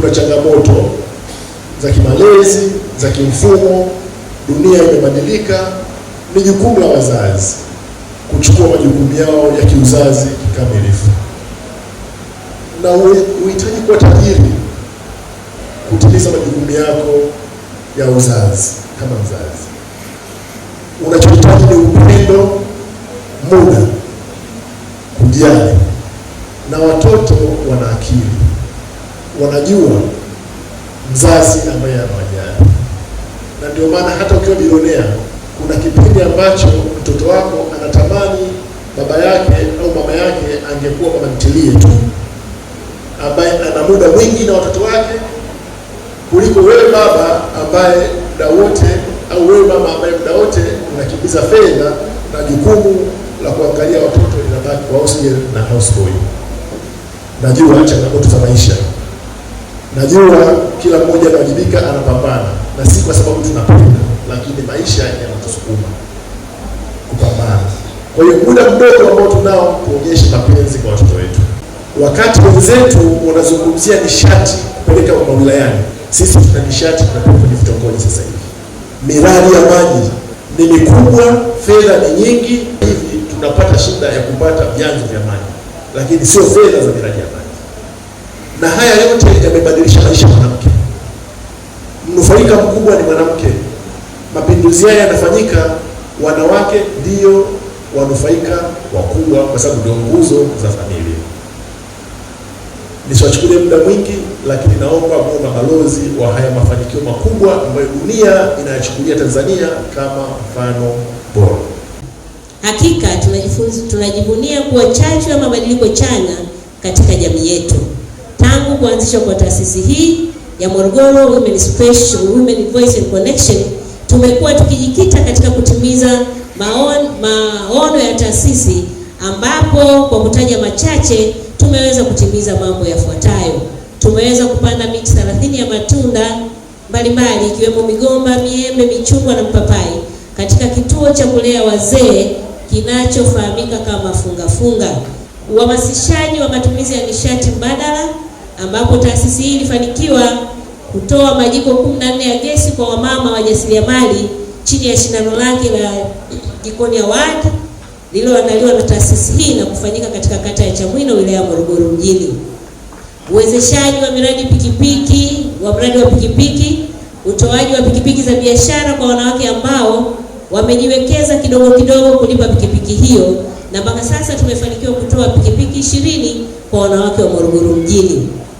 kuna changamoto za kimalezi, za kimfumo, dunia imebadilika. Ni jukumu la wazazi kuchukua majukumu yao ya kiuzazi kikamilifu, na uhitaji kuwa tajiri kutimiza majukumu yako ya uzazi. Kama mzazi, unachohitaji ni upendo, muda, kujali, na watoto wana akili wanajua mzazi ambaye anawajali, na ndio maana hata ukiwa bilionea kuna kipindi ambacho mtoto wako anatamani baba yake au mama yake angekuwa kama mtilie tu, ambaye ana muda mwingi na watoto wake kuliko wewe baba ambaye muda wote au wewe mama ambaye muda wote unakimbiza fedha na jukumu la kuangalia watoto linabaki kwa housegirl na houseboy. Najua changamoto za maisha Najua kila mmoja anawajibika, anapambana, na si kwa sababu tunapenda, lakini maisha yanatusukuma kupambana. Kwa hiyo muda mdogo ambao tunao kuonyesha mapenzi kwa watoto wetu. Wakati wenzetu wanazungumzia nishati kupeleka mawilayani, sisi tuna nishati tunapeleka kwenye vitongoji. Sasa hivi miradi ya maji ni mikubwa, fedha ni nyingi, hivi tunapata shida ya kupata vyanzo vya maji, lakini sio fedha za miradi na haya yote yamebadilisha maisha ya mwanamke. Mnufaika mkubwa ni mwanamke. Mapinduzi haya yanafanyika, wanawake ndio wanufaika wakubwa, kwa sababu ndio nguzo za familia. Nisiwachukulie muda mwingi, lakini naomba muwe mabalozi wa haya mafanikio makubwa ambayo dunia inayachukulia Tanzania kama mfano bora. Hakika tunajivunia kuwa chachu ya mabadiliko chanya katika jamii yetu kuanzishwa kwa taasisi hii ya Morogoro Women Special, Women Voice and Connection, tumekuwa tukijikita katika kutimiza maono, maono ya taasisi ambapo kwa kutaja machache tumeweza kutimiza mambo yafuatayo. Tumeweza kupanda miti 30 ya matunda mbalimbali ikiwemo migomba, miembe, michungwa na mpapai katika kituo cha kulea wazee kinachofahamika kama Fungafunga. Uhamasishaji wa matumizi ya nishati mbadala ambapo taasisi hii ilifanikiwa kutoa majiko 14 ya gesi kwa wamama wajasiriamali chini ya shindano lake la Jikoni Award lililoandaliwa na taasisi hii na kufanyika katika kata ya Chamwino wilaya ya Morogoro mjini. Uwezeshaji wa miradi pikipiki wa mradi wa pikipiki, utoaji wa pikipiki za biashara kwa wanawake ambao wamejiwekeza kidogo kidogo kulipa pikipiki hiyo, na mpaka sasa tumefanikiwa kutoa pikipiki ishirini kwa wanawake wa Morogoro mjini.